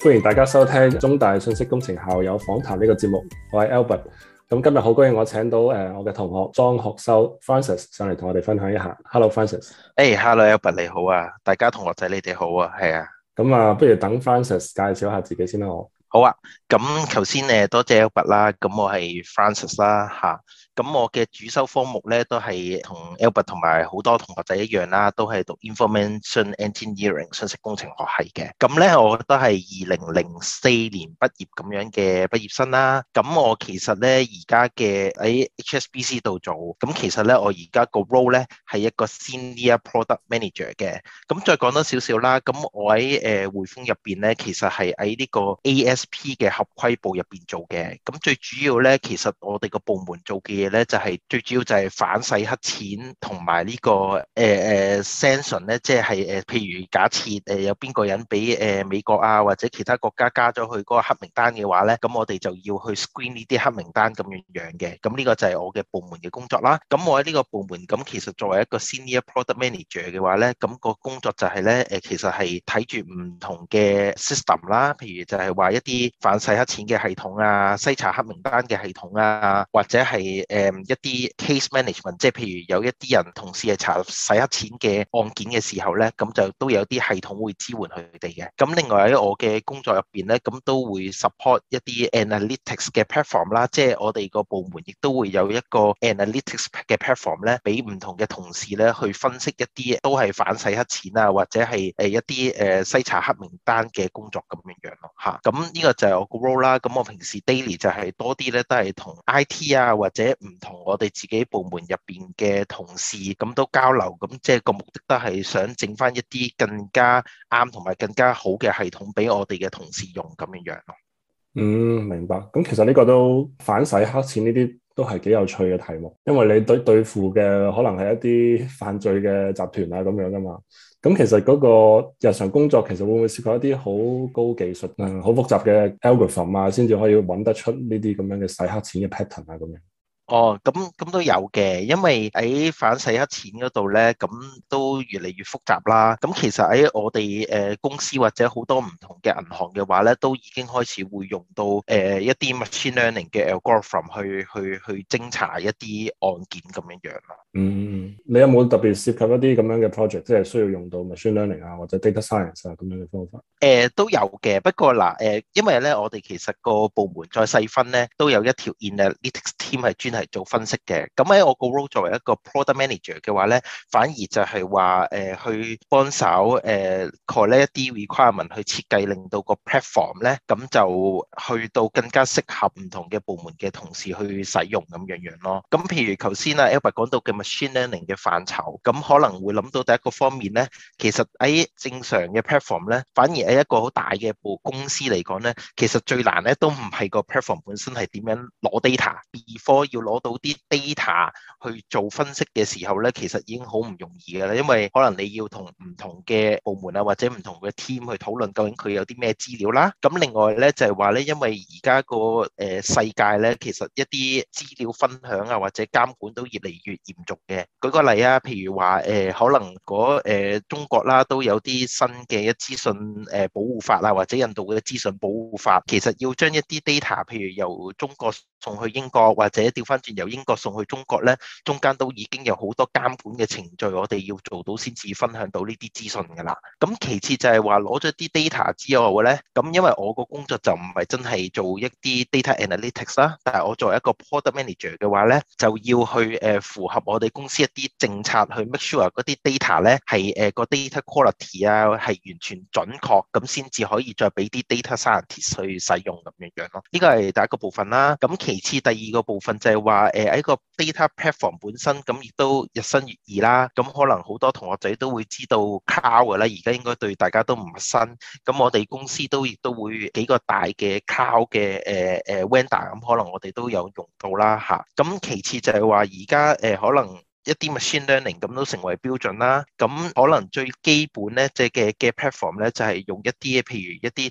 歡迎大家收聽中大信息工程校友訪談呢個節目，我係 Albert。咁今日好高興我請到誒我嘅同學莊學修 Francis 上嚟同我哋分享一下。Hello Francis。誒、hey，Hello Albert 你好啊，大家同學仔你哋好啊，係啊。咁啊，不如等 Francis 介紹一下自己先啦，我。好啊，咁頭先誒多謝 Albert 啦，咁我係 Francis 啦吓。咁我嘅主修科目咧都係同 Albert 同埋好多同學仔一樣啦，都係讀 information engineering 信息工程學系嘅。咁咧，我都係二零零四年畢業咁樣嘅畢業生啦。咁我其實咧而家嘅喺 HSBC 度做，咁其實咧我而家個 role 咧係一個 senior product manager 嘅。咁再講多少少啦，咁我喺誒、呃、匯豐入邊咧，其實係喺呢個 ASP 嘅合規部入邊做嘅。咁最主要咧，其實我哋個部門做嘅嘢。咧就係最主要就係反洗黑錢同埋呢個誒誒、uh, uh, sanction 咧，即係誒譬如假設誒有邊個人俾誒美國啊或者其他國家加咗去嗰個黑名單嘅話咧，咁我哋就要去 screen 呢啲黑名單咁樣樣嘅，咁呢個就係我嘅部門嘅工作啦。咁我喺呢個部門咁、嗯，其實作為一個 senior product manager 嘅話咧，咁個工作就係咧誒，其實係睇住唔同嘅 system 啦，譬如就係話一啲反洗黑錢嘅系統啊、篩查黑名單嘅系統啊，或者係誒。Uh, 誒一啲 case management，即係譬如有一啲人同事係查洗黑錢嘅案件嘅時候咧，咁就都有啲系統會支援佢哋嘅。咁另外喺我嘅工作入邊咧，咁都會 support 一啲 analytics 嘅 platform 啦，即係我哋個部門亦都會有一個 analytics 嘅 platform 咧，俾唔同嘅同事咧去分析一啲都係反洗黑錢啊，或者係誒一啲誒篩查黑名單嘅工作咁樣樣咯吓，咁呢個就係我個 role 啦。咁我平時 daily 就係多啲咧，都係同 IT 啊或者唔同我哋自己部門入邊嘅同事咁都交流，咁即係個目的都係想整翻一啲更加啱同埋更加好嘅系統俾我哋嘅同事用咁樣樣咯。嗯，明白。咁其實呢個都反洗黑錢呢啲都係幾有趣嘅題目，因為你對對付嘅可能係一啲犯罪嘅集團啊咁樣噶嘛。咁其實嗰個日常工作其實會唔會涉及一啲好高技術啊、好複雜嘅 algorithm 啊，先至可以揾得出呢啲咁樣嘅洗黑錢嘅 pattern 啊咁樣？哦，咁咁都有嘅，因為喺反洗黑錢嗰度咧，咁都越嚟越複雜啦。咁其實喺我哋誒、呃、公司或者好多唔同嘅銀行嘅話咧，都已經開始會用到誒、呃、一啲 machine learning 嘅 algorithm 去去去偵查一啲案件咁樣樣啦。嗯，你有冇特別涉及一啲咁樣嘅 project，即係需要用到 machine learning 啊，或者 data science 啊咁樣嘅方法？誒、呃，都有嘅，不過嗱，誒、呃，因為咧我哋其實個部門再細分咧，都有一條 analytics team 係專。係做分析嘅，咁喺我個 role 作為一個 product manager 嘅話咧，反而就係話誒去幫手誒、呃、collate 一啲 requirement 去設計令到個 platform 咧，咁就去到更加適合唔同嘅部門嘅同事去使用咁樣樣咯。咁譬如頭先啊 Albert 講到嘅 machine learning 嘅範疇，咁可能會諗到第一個方面咧，其實喺正常嘅 platform 咧，反而喺一個好大嘅部公司嚟講咧，其實最難咧都唔係個 platform 本身係點樣攞 data before 要。攞到啲 data 去做分析嘅時候咧，其實已經好唔容易嘅啦，因為可能你要同唔同嘅部門、就是呃、啊，或者唔同嘅 team 去討論究竟佢有啲咩資料啦。咁另外咧就係話咧，因為而家個誒世界咧，其實一啲資料分享啊或者監管都越嚟越嚴重嘅。舉個例啊，譬如話誒、呃、可能嗰、那、誒、個呃、中國啦都有啲新嘅一資訊誒保護法啦，或者印度嘅資訊保護法，其實要將一啲 data，譬如由中國。送去英國或者調翻轉由英國送去中國咧，中間都已經有好多監管嘅程序，我哋要做到先至分享到呢啲資訊㗎啦。咁其次就係話攞咗啲 data 之外咧，咁因為我個工作就唔係真係做一啲 data analytics 啦，但係我作為一個 product manager 嘅話咧，就要去誒符合我哋公司一啲政策去 make sure 嗰啲 data 咧係誒個 data quality 啊係完全準確，咁先至可以再俾啲 data scientist 去使用咁樣樣咯。呢個係第一個部分啦，咁。其次，第二個部分就係話，誒喺個 data platform 本身咁，亦都日新月異啦。咁可能好多同學仔都會知道 cloud 啦，而家應該對大家都唔陌生。咁我哋公司都亦都會幾個大嘅 cloud 嘅誒誒 vendor，咁可能我哋都有用到啦吓，咁其次就係話，而家誒可能一啲 machine learning 咁都成為標準啦。咁可能最基本咧，即係嘅嘅 platform 咧，就係用一啲譬如一啲。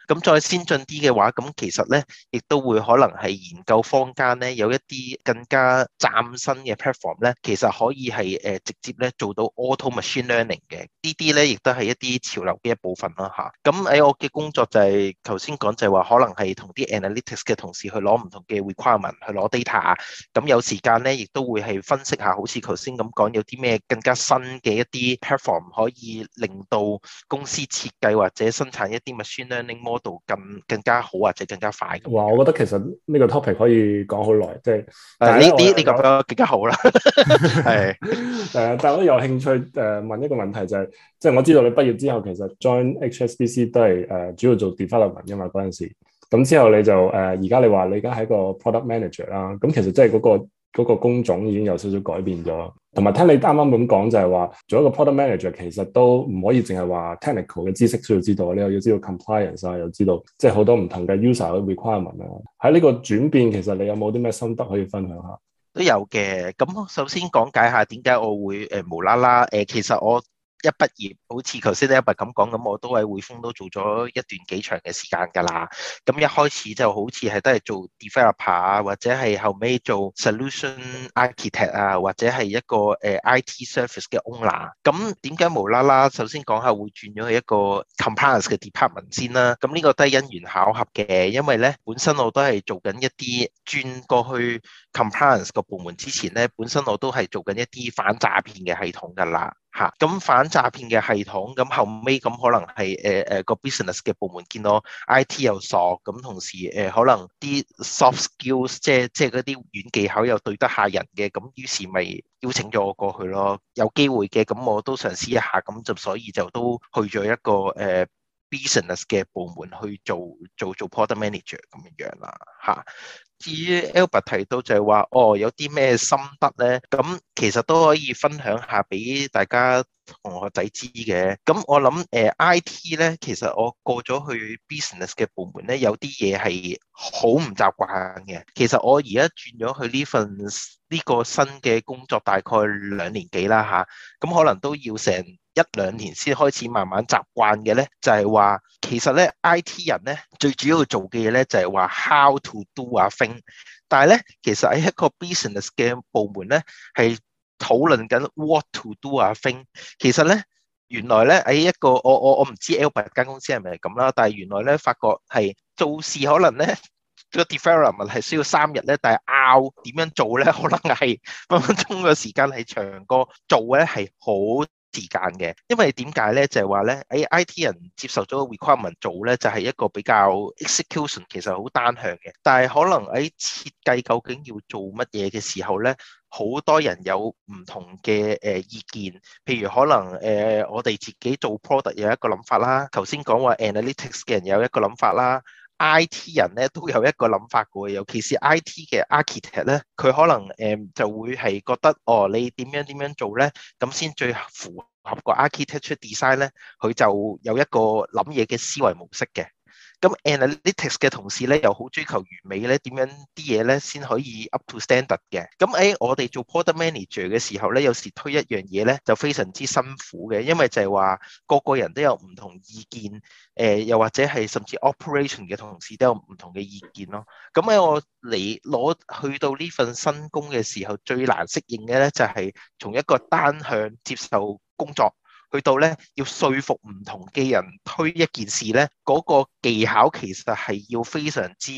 咁再先進啲嘅話，咁其實咧，亦都會可能係研究坊間咧有一啲更加嶄新嘅 platform 咧，其實可以係誒直接咧做到 auto machine learning 嘅。呢啲咧亦都係一啲潮流嘅一部分啦吓，咁喺我嘅工作就係頭先講就係話可能係同啲 analytics 嘅同事去攞唔同嘅 requirement，去攞 data。咁有時間咧，亦都會係分析下，好似頭先咁講有啲咩更加新嘅一啲 platform 可以令到公司設計或者生產一啲 machine learning model。m o 更加好或者更加快嘅。哇！我覺得其實呢個 topic 可以講好耐，即係誒呢啲你講得更加好啦。係誒，但係我都有興趣誒問一個問題，就係即係我知道你畢業之後其實 join HSBC 都係誒、呃、主要做 development 嘅嘛，嗰陣時，咁之後你就誒而家你話你而家喺個 product manager 啦，咁其實即係嗰個。嗰個工種已經有少少改變咗，同埋聽你啱啱咁講就係話做一個 product manager 其實都唔可以淨係話 technical 嘅知識需要知道，你又要知道 compliance 啊，又知道即係好多唔同嘅 user requirement 啊。喺呢個轉變，其實你有冇啲咩心得可以分享下？都有嘅。咁首先講解下點解我會誒無啦啦誒，其實我，一畢業，好似頭先呢一密咁講，咁我都喺匯豐都做咗一段幾長嘅時間㗎啦。咁一開始就好似係都係做 developer 啊，或者係後尾做 solution architect 啊，或者係一個誒 IT service 嘅 owner。咁點解無啦啦？首先講下會轉咗去一個 compliance 嘅 department 先啦。咁呢個都係因緣巧合嘅，因為咧本身我都係做緊一啲轉過去 compliance 個部門之前咧，本身我都係做緊一啲反詐騙嘅系統㗎啦。吓，咁、嗯、反詐騙嘅系統，咁、嗯、後尾咁可能係誒誒個 business 嘅部門見到 IT 又傻，咁、嗯、同時誒、呃、可能啲 soft skills 即係即係嗰啲軟技巧又對得下人嘅，咁於是咪邀請咗我過去咯，有機會嘅，咁、嗯、我都嘗試一下，咁、嗯、就所以就都去咗一個誒、呃、business 嘅部門去做做做，做 product manager 咁樣啦，吓、嗯。嗯至於 Albert 提到就係話，哦，有啲咩心得咧？咁其實都可以分享下俾大家同學仔知嘅。咁我諗誒 IT 咧，其實我過咗去，去 business 嘅部門咧，有啲嘢係好唔習慣嘅。其實我而家轉咗去呢份呢、呢個新嘅工作，大概兩年幾啦嚇。咁、啊、可能都要成一兩年先開始慢慢習慣嘅咧，就係話其實咧 IT 人咧最主要做嘅嘢咧就係話 how to doa thing，但係咧其實喺一個 business 嘅部門咧係討論緊 what to doa thing。其實咧原來咧喺一個我我我唔知 Albert 間公司係咪咁啦，但係原來咧發覺係做事可能咧個 development 係需要三日咧，但係拗點樣做咧可能係分分鐘嘅時間係長過做咧係好。時間嘅，因為點解咧？就係話咧，喺 IT 人接受咗個 requirement 做咧，就係、是、一個比較 execution 其實好單向嘅。但係可能喺設計究竟要做乜嘢嘅時候咧，好多人有唔同嘅誒意見。譬如可能誒、呃，我哋自己做 product 有一個諗法啦。頭先講話 analytics 嘅人有一個諗法啦。I T 人咧都有一個諗法嘅，尤其是 I T 嘅 architect 咧，佢可能誒就會係覺得哦，你點樣點樣做咧，咁先最符合個 architecture design 咧，佢就有一個諗嘢嘅思維模式嘅。咁 Analytics 嘅同事咧又好追求完美咧，點樣啲嘢咧先可以 up to standard 嘅？咁喺我哋做 product manager 嘅時候咧，有時推一樣嘢咧就非常之辛苦嘅，因為就係話個個人都有唔同意見，誒、呃、又或者係甚至 operation 嘅同事都有唔同嘅意見咯。咁喺我嚟攞去到呢份新工嘅時候，最難適應嘅咧就係、是、從一個單向接受工作。去到咧，要說服唔同嘅人推一件事咧，嗰個技巧其實係要非常之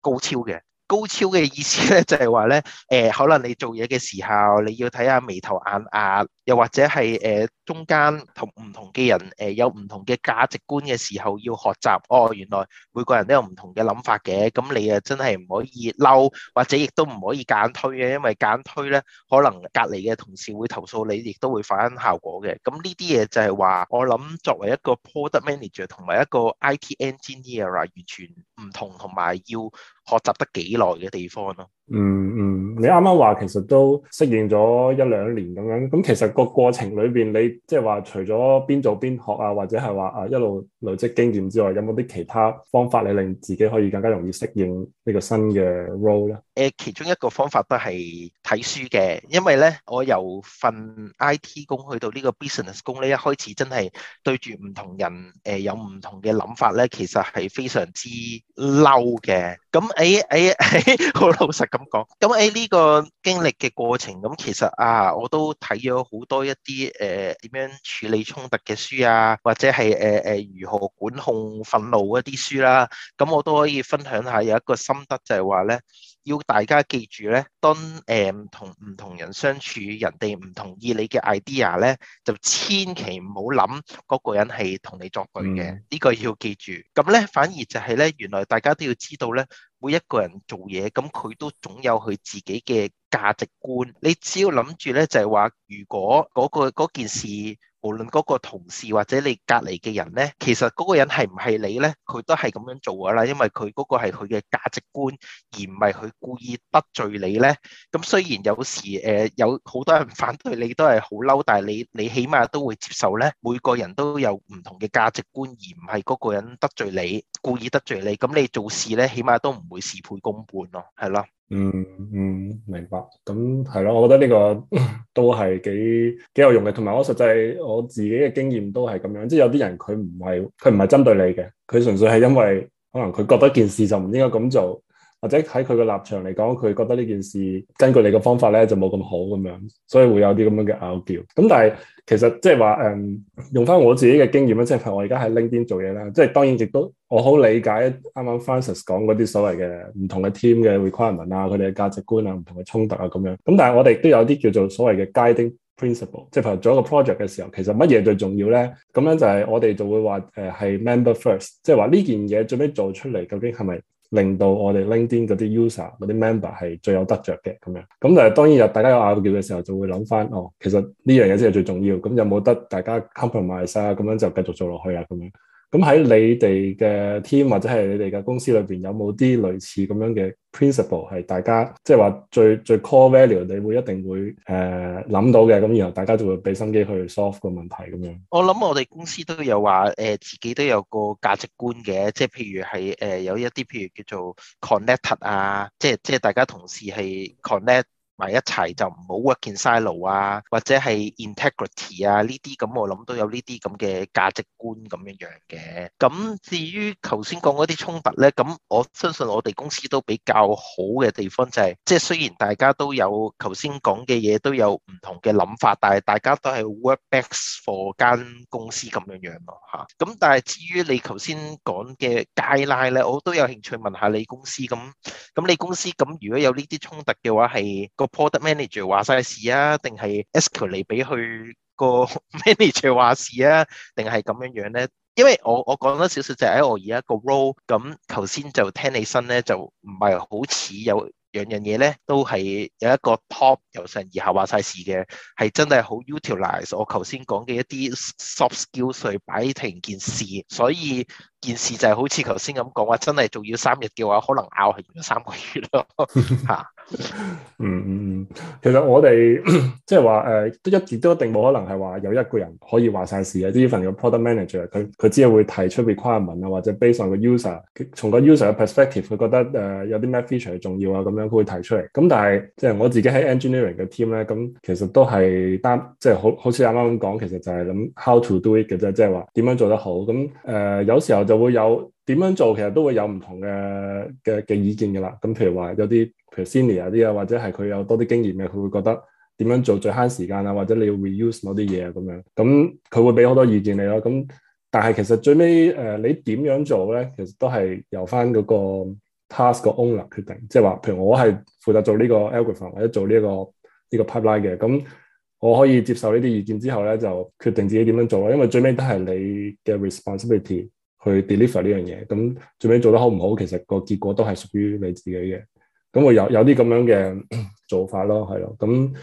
高超嘅。高超嘅意思咧，就係話咧，誒，可能你做嘢嘅時候，你要睇下眉頭眼額，又或者係誒、呃中間同唔、呃、同嘅人誒有唔同嘅價值觀嘅時候要學習哦，原來每個人都有唔同嘅諗法嘅，咁你啊真係唔可以嬲，或者亦都唔可以硬推嘅，因為硬推咧，可能隔離嘅同事會投訴你，亦都會反效果嘅。咁呢啲嘢就係話我諗作為一個 product manager 同埋一個 IT engineer 完全唔同，同埋要學習得幾耐嘅地方咯。嗯嗯，你啱啱話其實都適應咗一兩年咁樣，咁其實個過程裏邊，你即係話除咗邊做邊學啊，或者係話啊一路累積經驗之外，有冇啲其他方法你令自己可以更加容易適應呢個新嘅 role 咧？誒其中一個方法都係睇書嘅，因為咧我由份 IT 工去到呢個 business 工咧，一開始真係對住唔同人誒、呃、有唔同嘅諗法咧，其實係非常之嬲嘅。咁誒誒誒，好、哎哎哎、老實咁。咁講，咁誒呢個經歷嘅過程，咁其實啊，我都睇咗好多一啲誒點樣處理衝突嘅書啊，或者係誒誒如何管控憤怒嗰啲書啦、啊。咁我都可以分享下有一個心得，就係話咧，要大家記住咧，當誒同唔同人相處，人哋唔同意你嘅 idea 咧，就千祈唔好諗嗰個人係同你作對嘅，呢、嗯、個要記住。咁咧反而就係咧，原來大家都要知道咧。每一個人做嘢，咁佢都總有佢自己嘅價值觀。你只要諗住咧，就係話，如果、嗰個嗰件事。無論嗰個同事或者你隔籬嘅人呢，其實嗰個人係唔係你呢？佢都係咁樣做噶啦。因為佢嗰個係佢嘅價值觀，而唔係佢故意得罪你呢。咁雖然有時誒、呃、有好多人反對，你都係好嬲，但係你你起碼都會接受呢。每個人都有唔同嘅價值觀，而唔係嗰個人得罪你，故意得罪你咁，你做事呢，起碼都唔會事倍功半咯，係咯。嗯嗯，明白，咁係咯，我覺得呢個都係幾幾有用嘅，同埋我實際我自己嘅經驗都係咁樣，即係有啲人佢唔係佢唔係針對你嘅，佢純粹係因為可能佢覺得件事就唔應該咁做。或者喺佢嘅立場嚟講，佢覺得呢件事根據你嘅方法咧就冇咁好咁樣，所以會有啲咁樣嘅拗撬。咁但係其實即係話誒，用翻我自己嘅經驗啦，即係譬如我而家喺 LinkedIn 做嘢啦，即係當然亦都我好理解啱啱 Francis 講嗰啲所謂嘅唔同嘅 team 嘅 requirement 啊，佢哋嘅價值觀啊，唔同嘅衝突啊咁樣。咁但係我哋都有啲叫做所謂嘅 guiding principle，即係譬如做一個 project 嘅時候，其實乜嘢最重要咧？咁樣就係我哋就會話誒係 member first，即係話呢件嘢最尾做出嚟究竟係咪？令到我哋 LinkedIn 嗰啲 user 嗰啲 member 係最有得着嘅咁樣，咁就當然又大家有拗撬嘅時候，就會諗返哦，其實呢樣嘢先係最重要，咁有冇得大家 compromise 啊？咁樣就繼續做落去啊咁樣。咁喺你哋嘅 team 或者係你哋嘅公司裏邊，有冇啲類似咁樣嘅？principle 係大家即係話最最 core value，你會一定會誒諗、呃、到嘅，咁然後大家就會俾心機去 solve 個問題咁樣。我諗我哋公司都有話誒、呃，自己都有個價值觀嘅，即係譬如係誒、呃、有一啲譬如叫做 connect 啊，即係即係大家同事係 connect。埋一齊就唔好 work in silo 啊，或者係 integrity 啊呢啲咁，我諗都有呢啲咁嘅價值觀咁樣樣嘅。咁至於頭先講嗰啲衝突呢，咁我相信我哋公司都比較好嘅地方就係，即係雖然大家都有頭先講嘅嘢都有唔同嘅諗法，但係大家都係 work back for 間公司咁樣樣咯嚇。咁但係至於你頭先講嘅 guideline 呢，我都有興趣問下你公司咁，咁你公司咁如果有呢啲衝突嘅話，係個。Product manager 話晒事啊，定係 Escalate 俾佢個 manager 話事啊，定係咁樣樣咧？因為我我講多少少就係我而家個 role 咁，頭先就聽起身咧就唔係好似有兩樣嘢咧，都係有一個 top 由上而下話晒事嘅，係真係好 utilize 我頭先講嘅一啲 soft skill 去擺停件事。所以件事就係好似頭先咁講話，真係仲要三日嘅話，可能拗係要三個月咯嚇。 嗯嗯嗯，其實我哋即係話誒，都一亦都一定冇可能係話有一個人可以話晒事嘅。呢份個 product manager，佢佢只係會提出 requirement 啊，或者 based on 個 user, 從個 user，從個 user 嘅 perspective，佢覺得誒、呃、有啲咩 feature 重要啊，咁樣佢會提出嚟。咁但係即係我自己喺 engineering 嘅 team 咧，咁其實都係擔，即、就、係、是、好好似啱啱咁講，其實就係諗 how to do it 嘅啫，即係話點樣做得好。咁誒、呃，有時候就會有。點樣做其實都會有唔同嘅嘅嘅意見㗎啦。咁譬如話有啲譬如 senior 啲啊，或者係佢有多啲經驗嘅，佢會覺得點樣做最慳時間啊，或者你要 reuse 某啲嘢啊咁樣。咁佢會俾好多意見你咯。咁但係其實最尾誒、呃、你點樣做咧，其實都係由翻、那、嗰個 task 個 owner 決定。即係話譬如我係負責做呢個 algorithm 或者做呢、這、一個呢、這個 pipeline 嘅，咁我可以接受呢啲意見之後咧，就決定自己點樣做咯。因為最尾都係你嘅 responsibility。去 deliver 呢樣嘢，咁最尾做得好唔好，其實個結果都係屬於你自己嘅。咁我有有啲咁樣嘅 做法咯，係咯。咁誒、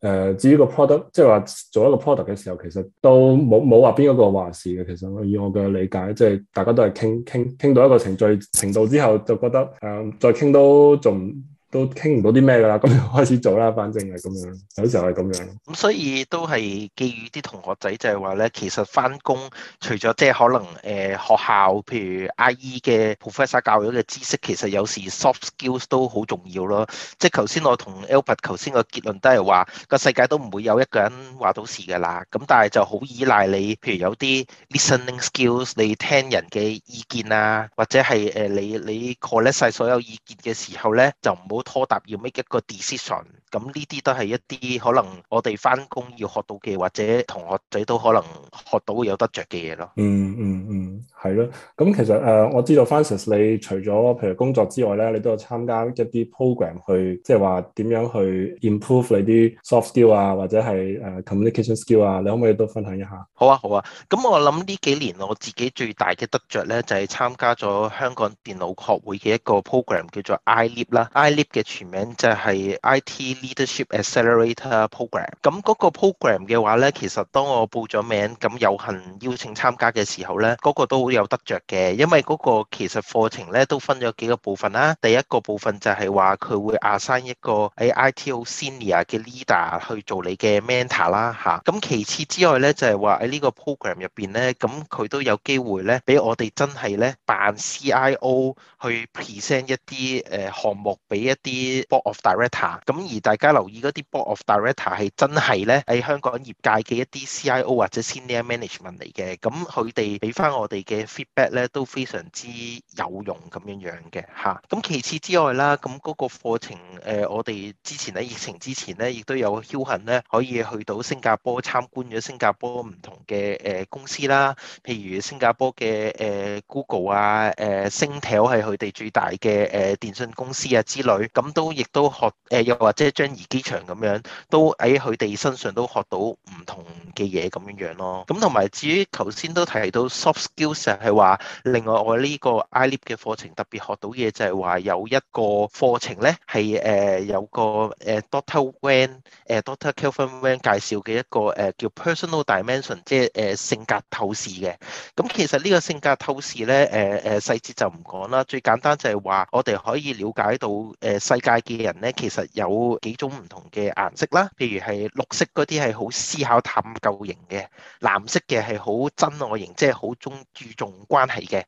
呃，至於個 product，即係話做一個 product 嘅時候，其實都冇冇話邊一個話事嘅。其實我以我嘅理解，即係大家都係傾傾傾到一個程序程度之後，就覺得誒、呃，再傾都仲，都傾唔到啲咩㗎啦，咁就開始做啦，反正係咁樣，有時候係咁樣。咁所以都係寄予啲同學仔就係話咧，其實返工除咗即係可能誒、呃、學校，譬如 IE 嘅 professor 教育嘅知識，其實有時 soft skills 都好重要咯。即係頭先我同 Albert 頭先個結論都係話，個世界都唔會有一個人話到事㗎啦。咁但係就好依賴你，譬如有啲 listening skills，你聽人嘅意見啊，或者係誒、呃、你你 collect 晒所有意見嘅時候咧，就唔好拖沓要 make 一個 decision，咁呢啲都係一啲可能我哋翻工要學到嘅，或者同學仔都可能學到有得着嘅嘢咯。嗯嗯嗯，係咯。咁其實誒，我知道 Francis，你除咗譬如工作之外咧，你都有參加一啲 program 去，即係話點樣去 improve 你啲 soft skill 啊，或者係誒 communication skill 啊，你可唔可以都分享一下？好啊好啊。咁、啊、我諗呢幾年我自己最大嘅得着咧，就係參加咗香港電腦學會嘅一個 program 叫做 iLeap 啦，iLeap 嘅全名就係 IT leadership accelerator program。咁嗰個 program 嘅話咧，其實當我報咗名，咁有幸邀請參加嘅時候咧，嗰個都好有得着嘅。因為嗰個其實課程咧都分咗幾個部分啦。第一個部分就係話，佢會 assign 一個喺 ITO senior 嘅 leader 去做你嘅 mentor 啦，吓，咁其次之外咧，就係話喺呢個 program 入邊咧，咁佢都有機會咧，俾我哋真係咧扮 CIO 去 present 一啲誒項目俾一啲 Board of Director 咁，而大家留意嗰啲 Board of Director 係真係咧喺香港業界嘅一啲 CIO 或者 senior management 嚟嘅，咁佢哋俾翻我哋嘅 feedback 咧都非常之有用咁樣樣嘅吓，咁、啊、其次之外啦，咁嗰個課程誒、呃、我哋之前喺疫情之前咧，亦都有僥幸咧可以去到新加坡參觀咗新加坡唔同嘅誒公司啦，譬如新加坡嘅誒 Google 啊，誒 Singtel 係佢哋最大嘅誒電信公司啊之類。咁都亦都學誒，又或者張怡機場咁樣，都喺佢哋身上都學到唔同嘅嘢咁樣樣咯。咁同埋至於頭先都提到 soft skills 係話，另外我呢個 i e l p 嘅課程特別學到嘢就係話有一個課程呢，係誒有個誒 Doctor Van 誒 Doctor Kelvin Van 介紹嘅一個誒叫 personal dimension，即係誒性格透視嘅。咁其實呢個性格透視呢，誒誒細節就唔講啦，最簡單就係話我哋可以了解到誒。世界嘅人呢，其實有幾種唔同嘅顏色啦。譬如係綠色嗰啲係好思考、探究型嘅；藍色嘅係好真愛型，即係好重注重關係嘅；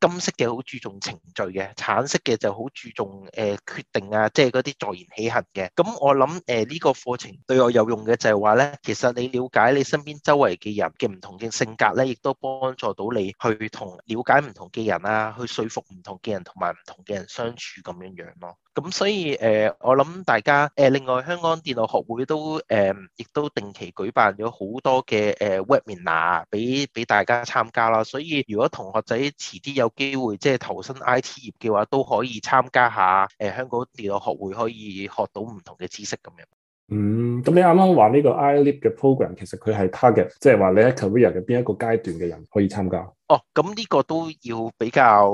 金色嘅好注重程序嘅；橙色嘅就好注重誒、呃、決定啊，即係嗰啲坐言起行嘅。咁我諗誒呢個課程對我有用嘅就係話呢，其實你了解你身邊周圍嘅人嘅唔同嘅性格呢，亦都幫助到你去同了解唔同嘅人啊，去說服唔同嘅人同埋唔同嘅人相處咁樣樣咯。咁所以誒、呃，我諗大家誒、呃，另外香港電腦學會都誒、呃，亦都定期舉辦咗好多嘅誒 webinar 俾俾大家參加啦。所以如果同學仔遲啲有機會即係投身 IT 業嘅話，都可以參加下誒、呃、香港電腦學會，可以學到唔同嘅知識咁樣。嗯，咁你啱啱話呢個 I leap 嘅 program，其實佢係 target，即係話你喺 career 嘅邊一個階段嘅人可以參加？哦，咁呢個都要比較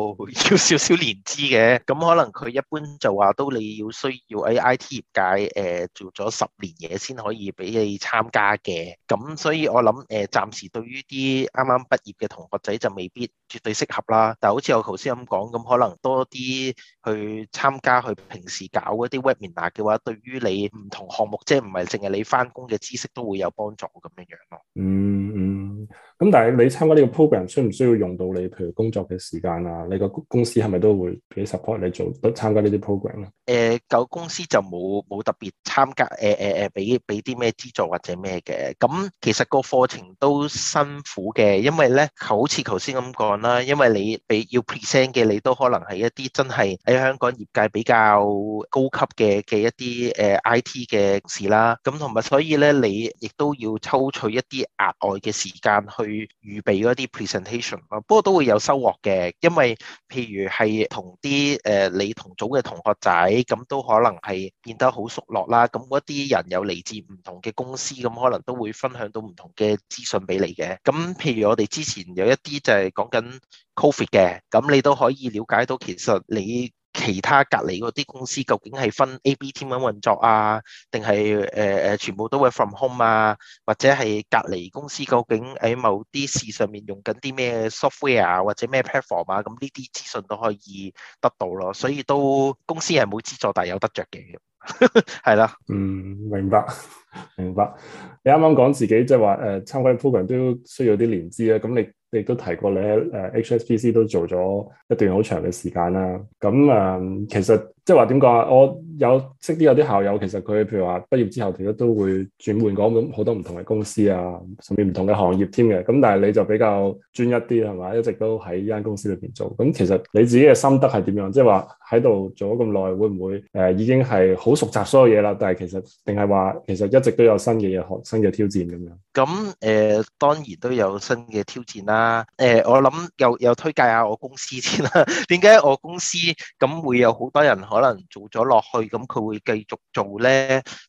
要少少年資嘅，咁可能佢一般就話都你要需要喺 IT 業界誒、呃、做咗十年嘢先可以俾你參加嘅，咁所以我諗誒、呃、暫時對於啲啱啱畢業嘅同學仔就未必絕對適合啦。但好似我頭先咁講，咁可能多啲去參加去平時搞嗰啲 webinar 嘅話，對於你唔同項目即係唔係淨係你返工嘅知識都會有幫助咁樣樣咯、嗯。嗯。.咁、嗯、但係你參加呢個 program，需唔需要用到你，譬如工作嘅時間啊？你，公你，你、呃你個公司係咪都會俾 support 你做參加呢啲 program 咧？誒，舊公司就冇冇特別參加，誒誒誒，俾俾啲咩資助或者咩嘅？咁其實個課程都辛苦嘅，因為咧，好似頭先咁講啦，因為你俾要 present 嘅，你都可能係一啲真係喺香港業界比較高級嘅嘅一啲誒、呃、IT 嘅事啦。咁同埋所以咧，你亦都要抽取一啲額外嘅時。時間去預備嗰啲 presentation 咯，不過都會有收穫嘅，因為譬如係同啲誒你同組嘅同學仔咁，都可能係變得好熟絡啦。咁嗰啲人又嚟自唔同嘅公司，咁可能都會分享到唔同嘅資訊俾你嘅。咁譬如我哋之前有一啲就係講緊 COVID 嘅，咁你都可以了解到其實你，其他隔離嗰啲公司究竟係分 A、B team 咁運作啊，定係誒誒全部都係 from home 啊，或者係隔離公司究竟喺某啲事上面用緊啲咩 software 啊，或者咩 platform 啊，咁呢啲資訊都可以得到咯。所以都公司係冇資助，但係有得着嘅，係啦。嗯，明白，明白。你啱啱講自己即係話誒參加 program 都需要啲年資啊。咁你？亦都提過你喺，誒 HSBC 都做咗一段好長嘅時間啦。咁誒，其實即係話點講啊？我有識啲有啲校友，其實佢譬如話畢業之後，其實都會轉換講咁好多唔同嘅公司啊，甚至唔同嘅行業添嘅。咁但係你就比較專一啲係嘛？一直都喺依間公司裏邊做。咁其實你自己嘅心得係點樣？即係話喺度做咗咁耐，會唔會誒、呃、已經係好熟習所有嘢啦？但係其實定係話其實一直都有新嘅嘢學、新嘅挑戰咁樣？咁誒、呃，當然都有新嘅挑戰啦。啊，誒、呃，我諗又又推介下我公司先啦。點解我公司咁會有好多人可能做咗落去，咁佢會繼續做呢？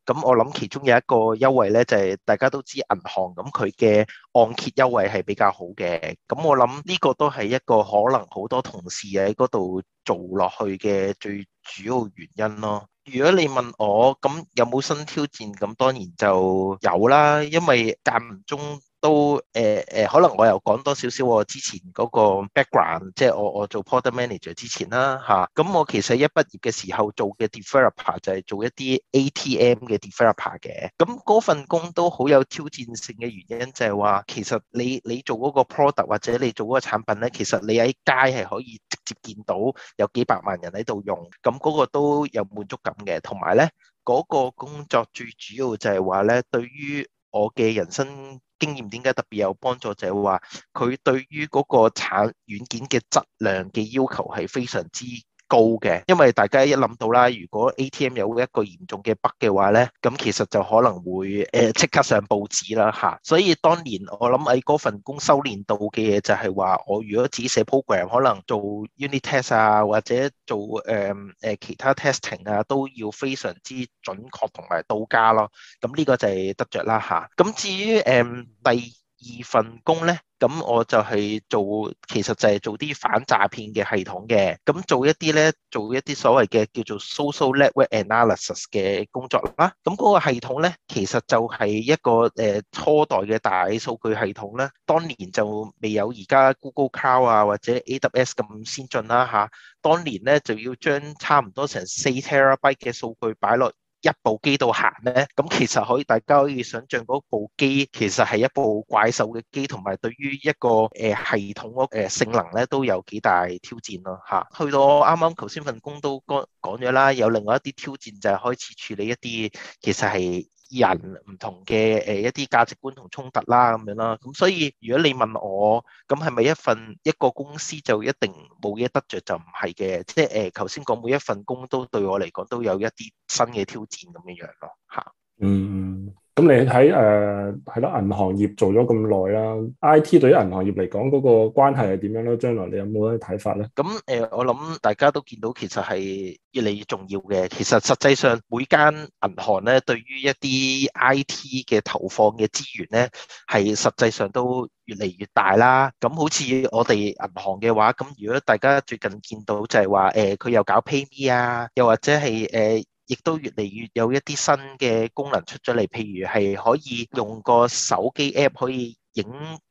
咁我諗其中有一個優惠呢，就係、是、大家都知銀行，咁佢嘅按揭優惠係比較好嘅。咁我諗呢個都係一個可能好多同事喺嗰度做落去嘅最主要原因咯。如果你問我，咁有冇新挑戰，咁當然就有啦，因為間唔中。都誒誒、呃呃，可能我又講多少少我之前嗰個 background，即係我我做 product manager 之前啦嚇。咁、啊、我其實一畢業嘅時候做嘅 developer 就係做一啲 ATM 嘅 developer 嘅。咁嗰份工都好有挑戰性嘅原因就係話，其實你你做嗰個 product 或者你做嗰個產品咧，其實你喺街係可以直接見到有幾百萬人喺度用，咁嗰個都有滿足感嘅。同埋咧，嗰、嗰個工作最主要就係話咧，對於我嘅人生。經驗點解特別有幫助就係話，佢對於嗰個產軟件嘅質量嘅要求係非常之高嘅，因為大家一諗到啦，如果 ATM 有一個嚴重嘅 bug 嘅話咧，咁其實就可能會誒即、呃、刻上報紙啦嚇。所以當年我諗喺嗰份工修練到嘅嘢就係話，我如果自己寫 program，可能做 unit test 啊，或者做誒誒、呃呃、其他 testing 啊，都要非常之準確同埋到家咯。咁呢個就係得着啦嚇。咁、啊、至於誒、呃、第二份工咧。咁我就係做，其實就係做啲反詐騙嘅系統嘅，咁做一啲咧，做一啲所謂嘅叫做 social network analysis 嘅工作啦。咁嗰個系統咧，其實就係一個誒、呃、初代嘅大數據系統啦。當年就未有而家 Google Cloud 啊或者 AWS 咁先進啦嚇。當年咧就要將差唔多成四 terabyte 嘅數據擺落一部機度行咧，咁其實可以大家可以想象嗰部機其實係一部怪獸嘅機，同埋對於一個誒、呃、系統誒、呃、性能咧都有幾大挑戰咯、啊、吓。去到啱啱頭先份工都講講咗啦，有另外一啲挑戰就係開始處理一啲其實係。人唔同嘅，誒、呃、一啲價值觀同衝突啦，咁樣啦。咁所以如果你問我，咁係咪一份一個公司就一定冇嘢得着就唔係嘅？即係誒，頭先講每一份工都對我嚟講都有一啲新嘅挑戰咁樣樣咯，吓、啊、嗯。咁你喺誒係咯，銀行業做咗咁耐啦，IT 對於銀行業嚟講嗰、那個關係係點樣咧？將來你有冇啲睇法咧？咁誒、呃，我諗大家都見到其實係越嚟越重要嘅。其實實際上每間銀行咧，對於一啲 IT 嘅投放嘅資源咧，係實際上都越嚟越大啦。咁好似我哋銀行嘅話，咁如果大家最近見到就係話誒，佢、呃、又搞 PayMe 啊，又或者係誒。呃。亦都越嚟越有一啲新嘅功能出咗嚟，譬如係可以用個手機 App 可以影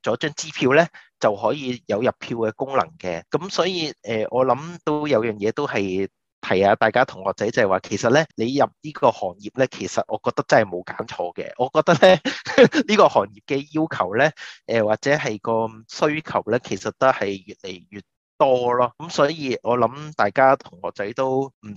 咗張支票咧，就可以有入票嘅功能嘅。咁所以誒、呃、我諗都有樣嘢都係提下大家同學仔，就係、是、話其實咧，你入呢個行業咧，其實我覺得真係冇揀錯嘅。我覺得咧，呢 個行業嘅要求咧，誒、呃、或者係個需求咧，其實都係越嚟越～多咯，咁所以我諗大家同學仔都唔使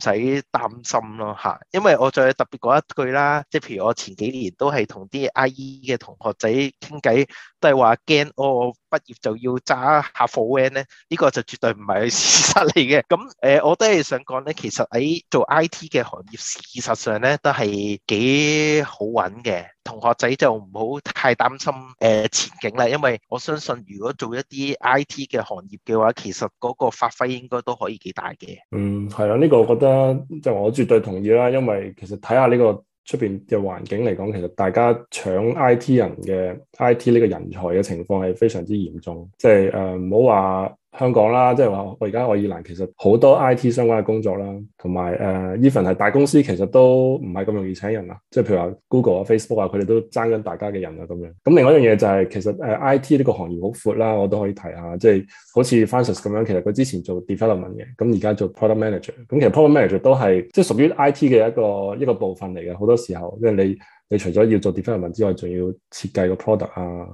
擔心咯吓，因為我再特別講一句啦，即係譬如我前幾年都係同啲 IE 嘅同學仔傾偈，都係話驚我，畢業就要揸客貨 van 咧，呢、這個就絕對唔係事實嚟嘅。咁誒、呃，我都係想講咧，其實喺做 I T 嘅行業，事實上咧都係幾好揾嘅。同學仔就唔好太擔心誒、呃、前景啦，因為我相信如果做一啲 I T 嘅行業嘅話，其實嗰個發揮應該都可以幾大嘅。嗯，係啊，呢、這個我覺得就是、我絕對同意啦，因為其實睇下呢個。出面嘅環境嚟講，其實大家搶 IT 人嘅 IT 呢個人才嘅情況係非常之嚴重，即係誒，唔好話。香港啦，即係話我而家愛爾蘭其實好多 IT 相關嘅工作啦，同埋誒 even 係大公司其實都唔係咁容易請人啊，即係譬如話 Google 啊、Facebook 啊，佢哋都爭緊大家嘅人啊咁樣。咁另外一樣嘢就係其實誒 IT 呢個行業好闊啦，我都可以提下，即係好似 Francis 咁樣，其實佢之前做 development 嘅，咁而家做 product manager，咁其實 product manager 都係即係屬於 IT 嘅一個一個部分嚟嘅。好多時候即係你你除咗要做 development 之外，仲要設計個 product 啊。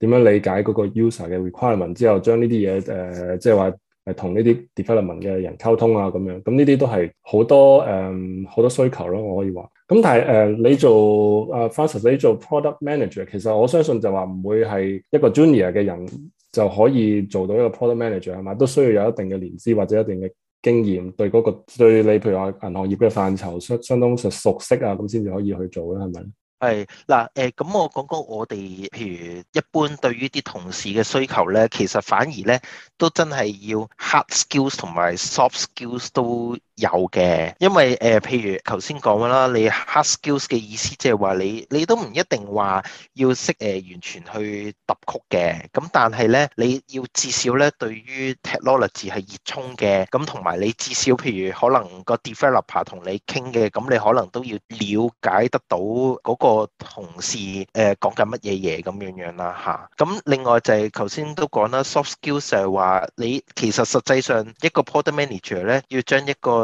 點樣理解嗰個 user 嘅 requirement 之後，將呢啲嘢誒，即係話誒同呢啲 development 嘅人溝通啊，咁樣咁呢啲都係好多誒好、呃、多需求咯、啊，我可以話。咁但係誒、呃，你做誒、呃，Francis，你做 product manager，其實我相信就話唔會係一個 junior 嘅人就可以做到一個 product manager 係咪？都需要有一定嘅年資或者一定嘅經驗，對嗰、那個對你譬如話銀行業嘅範疇相相當上熟悉啊，咁先至可以去做咧，係咪？係嗱，誒，咁我講講我哋，譬如一般對於啲同事嘅需求咧，其實反而咧，都真係要 hard skills 同埋 soft skills 都。有嘅，因為誒、呃，譬如頭先講啦，你 hard skills 嘅意思即係話你你都唔一定話要識誒、呃、完全去揼曲嘅，咁但係咧你要至少咧對於 technology 係熱衷嘅，咁同埋你至少譬如可能個 developer 同你傾嘅，咁你可能都要了解得到嗰個同事誒、呃、講緊乜嘢嘢咁樣樣啦吓。咁、啊、另外就係頭先都講啦，soft skills 就係話你其實實際上一個 product manager 咧要將一個。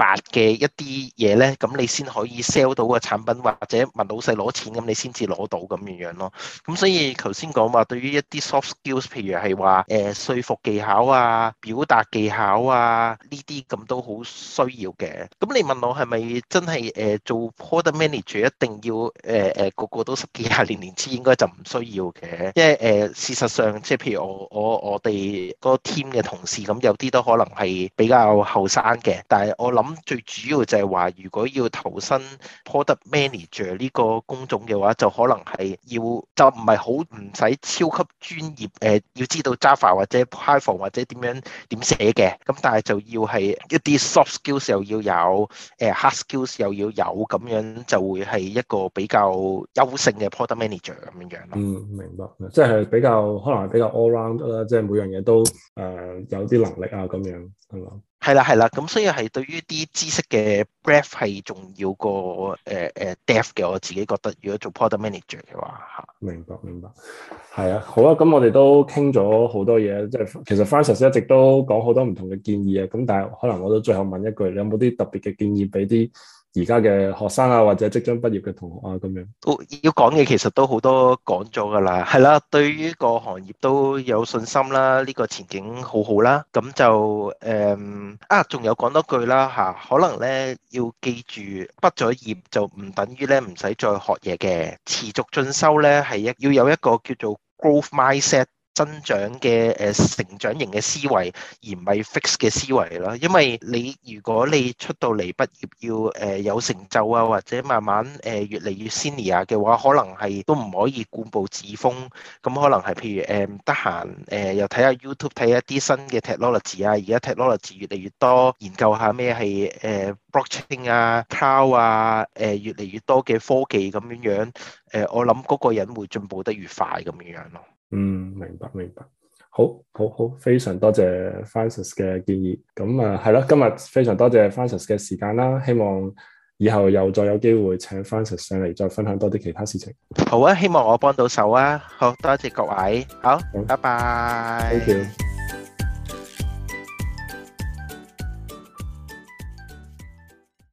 白嘅一啲嘢咧，咁你先可以 sell 到個產品，或者問老細攞錢，咁你先至攞到咁樣樣咯。咁所以頭先講話，對於一啲 soft skills，譬如係話誒說服技巧啊、表達技巧啊呢啲咁都好需要嘅。咁你問我係咪真係誒、呃、做 product manager 一定要誒誒、呃、個個都十幾廿年年資，應該就唔需要嘅？因為誒、呃、事實上即係譬如我我我哋個 team 嘅同事咁，有啲都可能係比較後生嘅，但係我諗。最主要就係話，如果要投身 product manager 呢個工種嘅話，就可能係要就唔係好唔使超級專業誒、呃，要知道 Java 或者 Python 或者點樣點寫嘅。咁但係就要係一啲 soft skills 又要有誒、呃、hard skills 又要有咁樣，就會係一個比較優勝嘅 product manager 咁樣咯。嗯，明白，即係比較可能係比較 all round 啦，即係每樣嘢都誒有啲能力啊咁樣係嘛？係啦，係啦，咁所以係對於啲知識嘅 breadth 係重要過誒誒 depth 嘅，我自己覺得如果做 product manager 嘅話吓。明白，明白，係啊，好啦、啊，咁、嗯、我哋都傾咗好多嘢，即係其實 Francis 一直都講好多唔同嘅建議啊，咁但係可能我到最後問一句，你有冇啲特別嘅建議俾啲？而家嘅學生啊，或者即將畢業嘅同學啊，咁樣，要講嘅其實都好多講咗噶啦，係啦，對於個行業都有信心啦，呢個前景好好啦，咁就誒、嗯、啊，仲有講多句啦吓、啊，可能咧要記住，畢咗業就唔等於咧唔使再學嘢嘅，持續進修咧係一要有一個叫做 growth mindset。增長嘅誒成長型嘅思維，而唔係 fix 嘅思維咯。因為你如果你出到嚟畢業要誒有成就啊，或者慢慢誒越嚟越 senior 嘅話，可能係都唔可以固步自封。咁、嗯、可能係譬如誒得閒誒又睇下 YouTube 睇一啲新嘅 technology 啊，而家 technology 越嚟越多，研究下咩係誒 blockchain 啊、cloud 啊，誒、呃、越嚟越多嘅科技咁樣樣。誒、呃、我諗嗰個人會進步得越快咁樣樣咯。嗯，明白明白，好好好，非常多謝 Francis 嘅建議，咁啊係咯，今日非常多謝 Francis 嘅時間啦，希望以後又再有機會請 Francis 上嚟再分享多啲其他事情。好啊，希望我幫到手啊，好多謝各位，好，嗯、拜拜。Thank you.